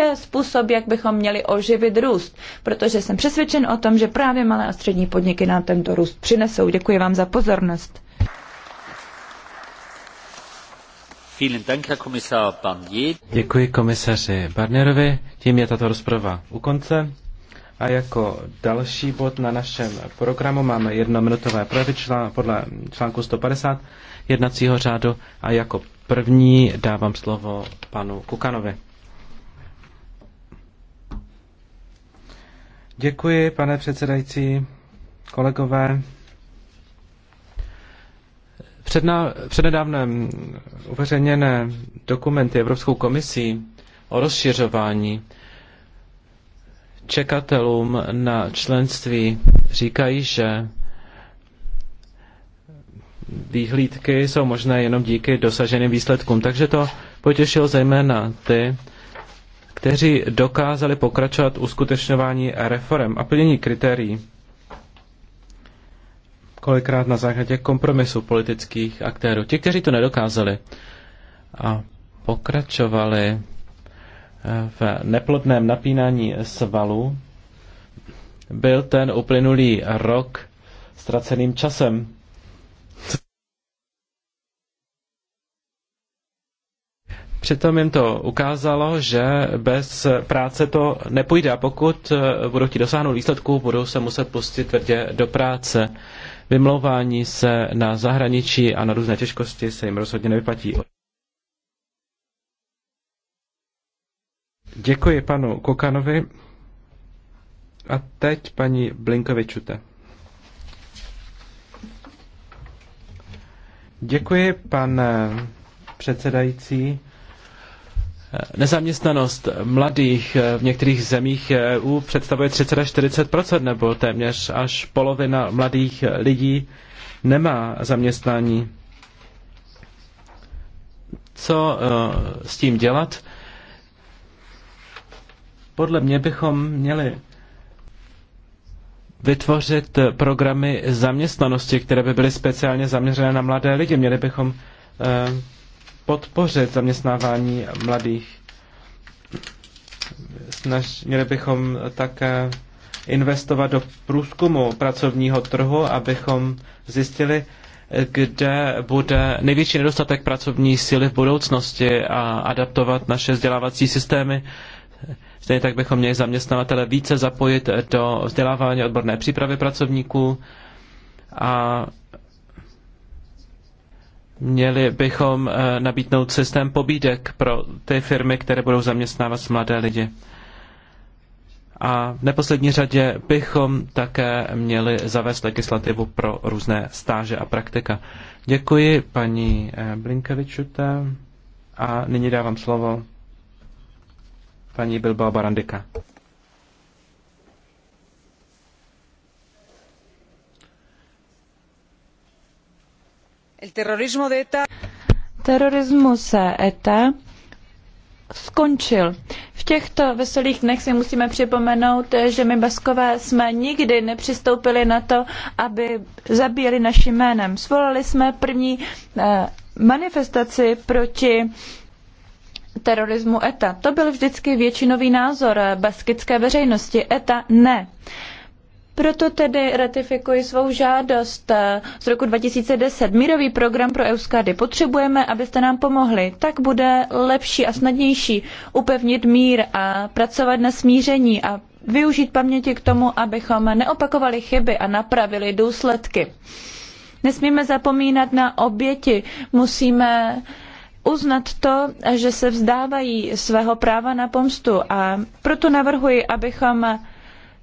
je způsob, jak bychom měli oživit růst, protože jsem přesvědčen o tom, že právě malé a střední podniky nám tento růst přinesou. Děkuji vám za pozornost. Děkuji komisaři Barnerovi. Tím je tato rozprava u konce. A jako další bod na našem programu máme jednominutové projevy člán, podle článku 150 jednacího řádu a jako první dávám slovo panu Kukanovi. Děkuji, pane předsedající, kolegové. Předna, přednedávnem uveřejněné dokumenty Evropskou komisí o rozšiřování čekatelům na členství říkají, že výhlídky jsou možné jenom díky dosaženým výsledkům. Takže to potěšilo zejména ty, kteří dokázali pokračovat uskutečňování reform a plnění kritérií kolikrát na základě kompromisu politických aktérů. Ti, kteří to nedokázali a pokračovali eh, v neplodném napínání svalu, byl ten uplynulý rok ztraceným časem. Přitom jim to ukázalo, že bez práce to nepůjde a pokud eh, budou chtít dosáhnout výsledků, budou se muset pustit tvrdě do práce. Vymlouvání se na zahraničí a na různé těžkosti se jim rozhodně nevyplatí. Děkuji panu Kokanovi. A teď paní Blinkovičute. Děkuji, pane předsedající. Eh, nezaměstnanost mladých eh, v některých zemích EU představuje 30 až 40 nebo téměř až polovina mladých eh, lidí nemá zaměstnání. Co s tím dělat? Podle mě bychom měli vytvořit programy zaměstnanosti, které by byly speciálně zaměřené na mladé lidi. Měli bychom podpořit zaměstnávání mladých. Snaž, měli bychom také investovat do průzkumu pracovního trhu, abychom zjistili, kde bude největší nedostatek pracovní síly v budoucnosti a adaptovat naše vzdělávací systémy. Stejně tak bychom měli zaměstnavatele více zapojit do vzdělávání odborné přípravy pracovníků a Měli bychom eh, nabídnout systém pobídek pro ty firmy, které budou zaměstnávat mladé lidi. A v neposlední řadě bychom také měli zavést legislativu pro různé stáže a praktika. Děkuji paní eh, Blinkevičute a nyní dávám slovo paní Bilbao Barandika. E Terorismus ETA e skončil. V těchto veselých dnech si musíme připomenout, že my Baskové jsme nikdy nepřistoupili na to, aby zabíjeli naším jménem. Svolali jsme první eh, manifestaci proti terorismu ETA. To byl vždycky většinový názor baskické veřejnosti. ETA ne. Proto tedy ratifikuji svou žádost eh, z roku 2010. Mírový program pro Euskady potřebujeme, abyste nám pomohli. Tak bude lepší a snadnější upevnit mír a pracovat na smíření a využít paměti k tomu, abychom neopakovali chyby a napravili důsledky. Nesmíme zapomínat na oběti. Musíme uznat to, že se vzdávají svého práva na pomstu a proto navrhuji, abychom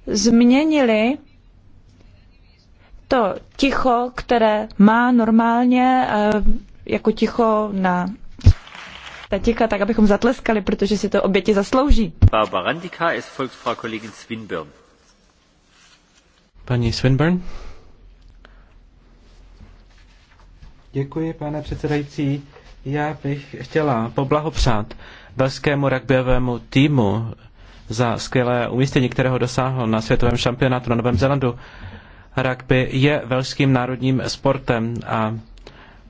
změnili to ticho, které má normálně eh, jako ticho na tatika, tak abychom zatleskali, protože si to oběti zaslouží. Paní Swinburne. Děkuji, pane předsedající. Já bych chtěla poblahopřát velskému rugbyovému týmu za skvělé umístění, kterého dosáhl na světovém šampionátu na Novém Zelandu Rugby je velským národním sportem a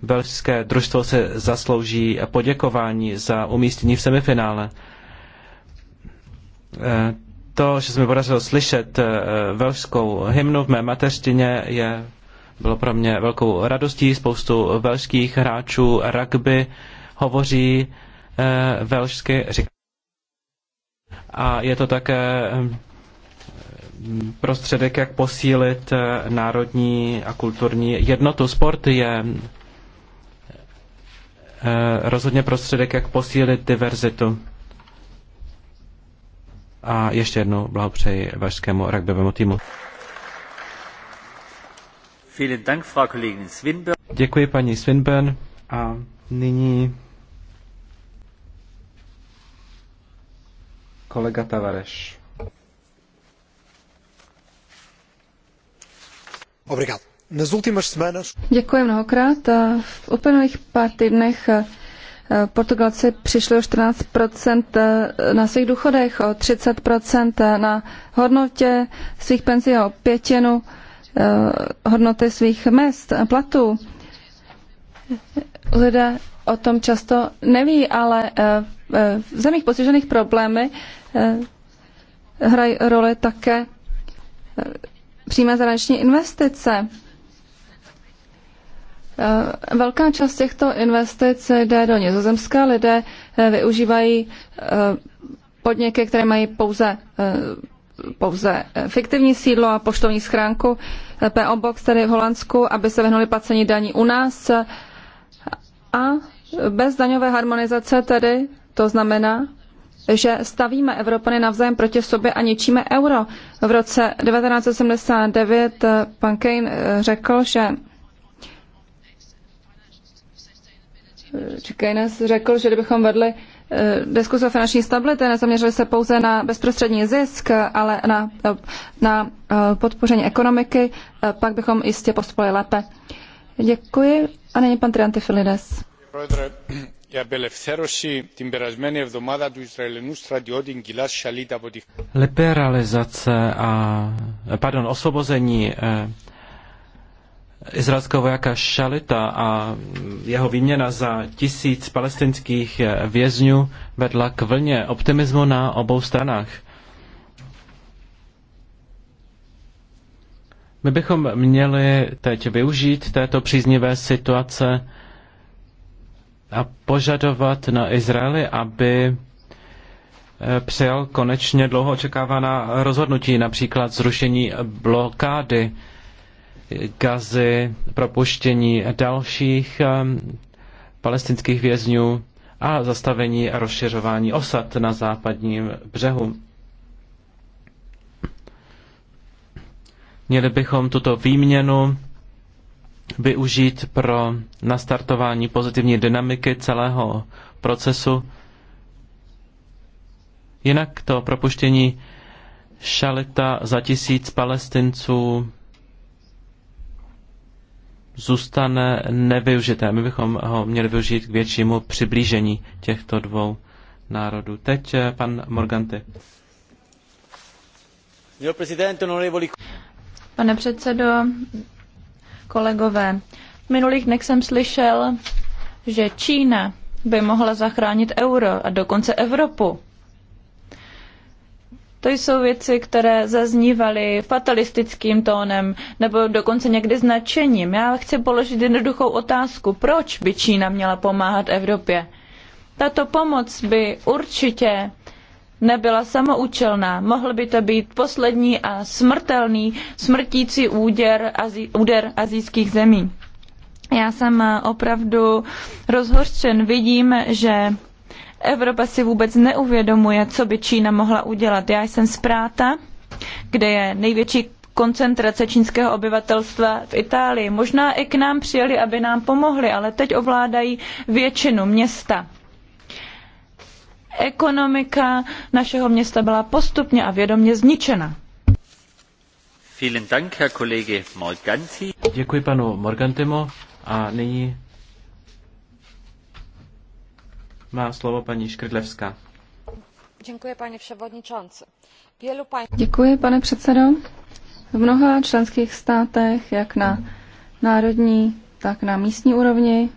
velské družstvo se zaslouží poděkování za umístění v semifinále. Eh, to, že se mi podařilo slyšet eh, velskou hymnu v mé mateřtině, je, bylo pro mě velkou radostí. Spoustu velských hráčů rugby hovoří eh, velšsky a je to také ehm, prostředek, jak posílit eh, národní a kulturní jednotu. Sport je eh, rozhodně prostředek, jak posílit diverzitu. A ještě jednou blahopřeji vašskému rugbyovému týmu. Děkuji paní Swinburne a nyní Kolega Tavareš. Obrigado. Nas últimas semanas... Děkuji mnohokrát. V uplynulých pár týdnech e, Portugalci přišli o 14 e, na svých důchodech, o 30 e, na hodnotě svých penzí, o pětinu hodnoty svých mest a platů. Lidé o tom často neví, ale Eh, v zemích postižených problémy eh, hrají roli také eh, přímé zahraniční investice. Velká část těchto investic jde do nizozemské. Lidé využívají podniky, které mají pouze, pouze fiktivní sídlo a poštovní schránku PO Box tady v Holandsku, aby se vyhnuli placení daní u nás. A bez daňové harmonizace tedy to znamená, že stavíme Evropany navzájem proti sobě a ničíme euro. V roce 1979 eh, pan Kane eh, řekl, že Keynes řekl, že kdybychom vedli eh, diskuse o finanční stabilitě, nezaměřili se pouze na bezprostřední zisk, ale na, na podpoření ekonomiky, pak bychom jistě postupovali lépe. Děkuji a není pan Triantifilides. Liberalizace a, pardon, osvobození eh, izraelského vojáka Šalita a jeho výměna za tisíc palestinských eh, vězňů vedla k vlně optimismu na obou stranách. My bychom měli teď využít této příznivé situace a požadovat na Izraeli, aby eh, přijal konečně dlouho očekávaná rozhodnutí, například zrušení blokády Gazy, propuštění dalších eh, palestinských vězňů a zastavení a rozšiřování osad na západním břehu. Měli bychom tuto výměnu využít pro nastartování pozitivní dynamiky celého procesu. Jinak to propuštění šalita za tisíc palestinců zůstane nevyužité. My bychom ho měli využít k většímu přiblížení těchto dvou národů. Teď eh, pan Morganti. Pane předsedo, Kolegové, v minulých dnech jsem slyšel, že Čína by mohla zachránit euro a dokonce Evropu. To jsou věci, které zaznívaly fatalistickým tónem nebo dokonce někdy značením. Já chci položit jednoduchou otázku, proč by Čína měla pomáhat Evropě? Tato pomoc by určitě nebyla samoučelná. Mohl by to být poslední a smrtelný, smrtící úder azijských zemí. Já jsem opravdu rozhořčen. Vidím, že Evropa si vůbec neuvědomuje, co by Čína mohla udělat. Já jsem z Práta, kde je největší koncentrace čínského obyvatelstva v Itálii. Možná i k nám přijeli, aby nám pomohli, ale teď ovládají většinu města ekonomika našeho města byla postupně a vědomě zničena. Děkuji panu Morgantimu a nyní má slovo paní Škrdlevská. Děkuji, pane předsedající. Děkuji, pane předsedo. V mnoha členských státech, jak na národní, tak na místní úrovni,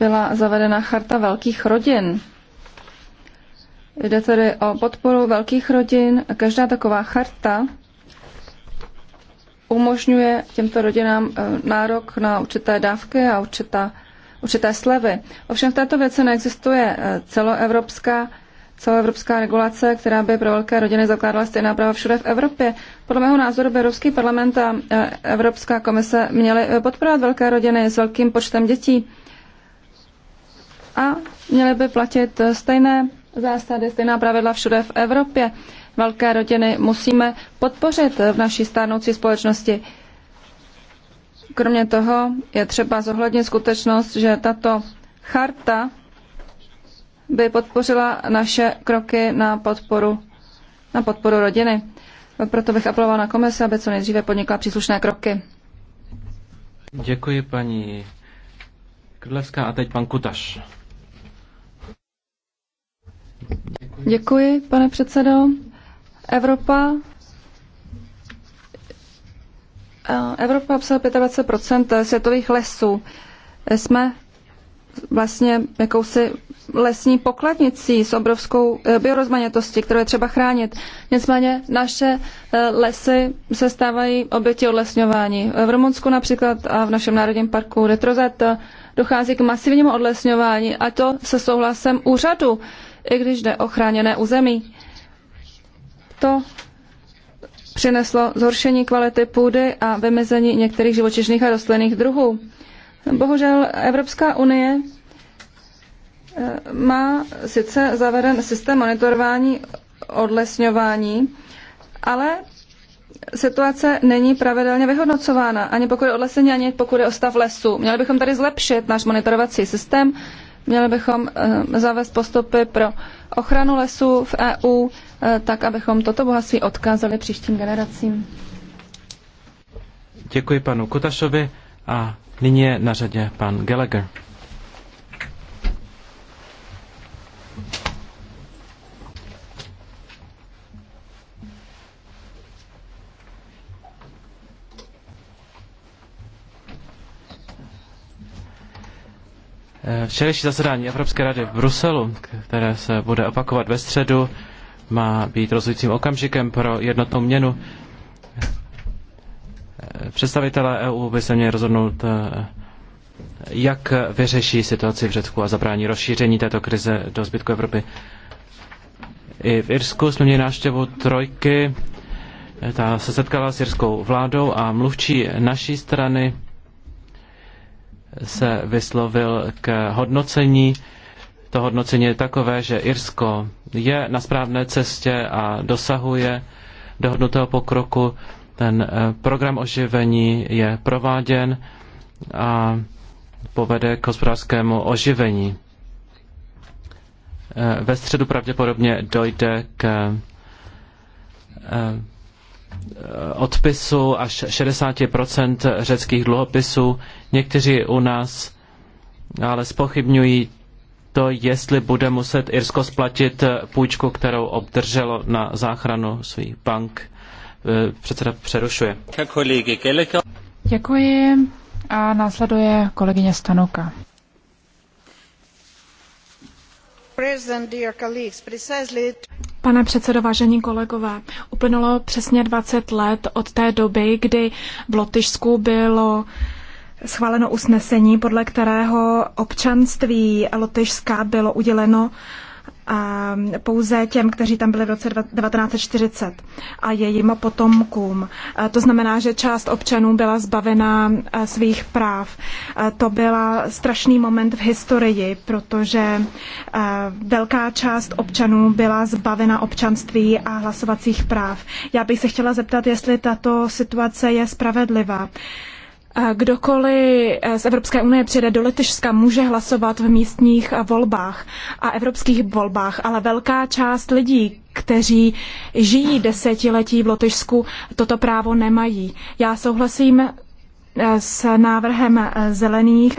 byla zavedena charta velkých rodin. Jde tedy o podporu velkých rodin. Každá taková charta umožňuje těmto rodinám eh, nárok na určité dávky a určitá, určité slevy. Ovšem v této věci neexistuje eh, celoevropská celoevropská regulace, která by pro velké rodiny zakládala stejná práva všude v Evropě. Podle mého názoru by Evropský parlament a eh, Evropská komise měly podporovat velké rodiny s velkým počtem dětí a měly by platit stejné zásady, stejná pravidla všude v Evropě. Velké rodiny musíme podpořit v naší stárnoucí společnosti. Kromě toho je třeba zohlednit skutečnost, že tato charta by podpořila naše kroky na podporu, na podporu rodiny. Proto bych apeloval na komise, aby co nejdříve podnikla příslušné kroky. Děkuji paní Krlevská a teď pan Kutaš. Děkuji, pane předsedo. Evropa eh, Evropa obsahuje 25 světových lesů. Jsme vlastně jakousi lesní pokladnicí s obrovskou eh, biorozmanitostí, kterou je třeba chránit. Nicméně naše eh, lesy se stávají oběti odlesňování. V Rumunsku například a v našem národním parku Retrozet dochází k masivnímu odlesňování a to se souhlasem úřadu i když jde o chráněné území. To přineslo zhoršení kvality půdy a vymezení některých živočišných a rostlinných druhů. Bohužel Evropská unie eh, má sice zaveden systém monitorování odlesňování, ale situace není pravidelně vyhodnocována, ani pokud je odlesení, ani pokud je o stav lesu. Měli bychom tady zlepšit náš monitorovací systém, Měli bychom eh, zavést postupy pro ochranu lesů v EU, eh, tak abychom toto bohatství odkázali příštím generacím. Děkuji panu Kutašovi a nyní je na řadě pan Gallagher. Včerejší zasedání Evropské rady v Bruselu, které se bude opakovat ve středu, má být rozhodujícím okamžikem pro jednotnou měnu. Představitelé EU by se měli rozhodnout, eh, jak vyřeší situaci v Řecku a zabrání rozšíření této krize do zbytku Evropy. I v Irsku jsme měli návštěvu trojky, ta se setkala s irskou vládou a mluvčí naší strany se vyslovil k hodnocení. To hodnocení je takové, že Irsko je na správné cestě a dosahuje dohodnutého pokroku. Ten eh, program oživení je prováděn a povede k hospodářskému oživení. Eh, ve středu pravděpodobně dojde k eh, Eh, odpisu až 60% řeckých dluhopisů. Někteří u nás ale spochybňují to, jestli bude muset Irsko splatit eh, půjčku, kterou obdrželo na záchranu svých bank. Eh, předseda přerušuje. Děkuji a následuje kolegyně Stanoka. Pane předsedo, vážení kolegové, uplynulo přesně 20 let od té doby, kdy v Lotyšsku bylo schváleno usnesení, podle kterého občanství Lotyšska bylo uděleno pouze těm, kteří tam byli v roce 1940 a jejím potomkům. To znamená, že část občanů byla zbavena svých práv. To byl strašný moment v historii, protože velká část občanů byla zbavena občanství a hlasovacích práv. Já bych se chtěla zeptat, jestli tato situace je spravedlivá. Kdokoliv z Evropské unie přijede do Lotyšska, může hlasovat v místních volbách a evropských volbách, ale velká část lidí, kteří žijí desetiletí v Lotyšsku, toto právo nemají. Já souhlasím eh, s návrhem eh, zelených.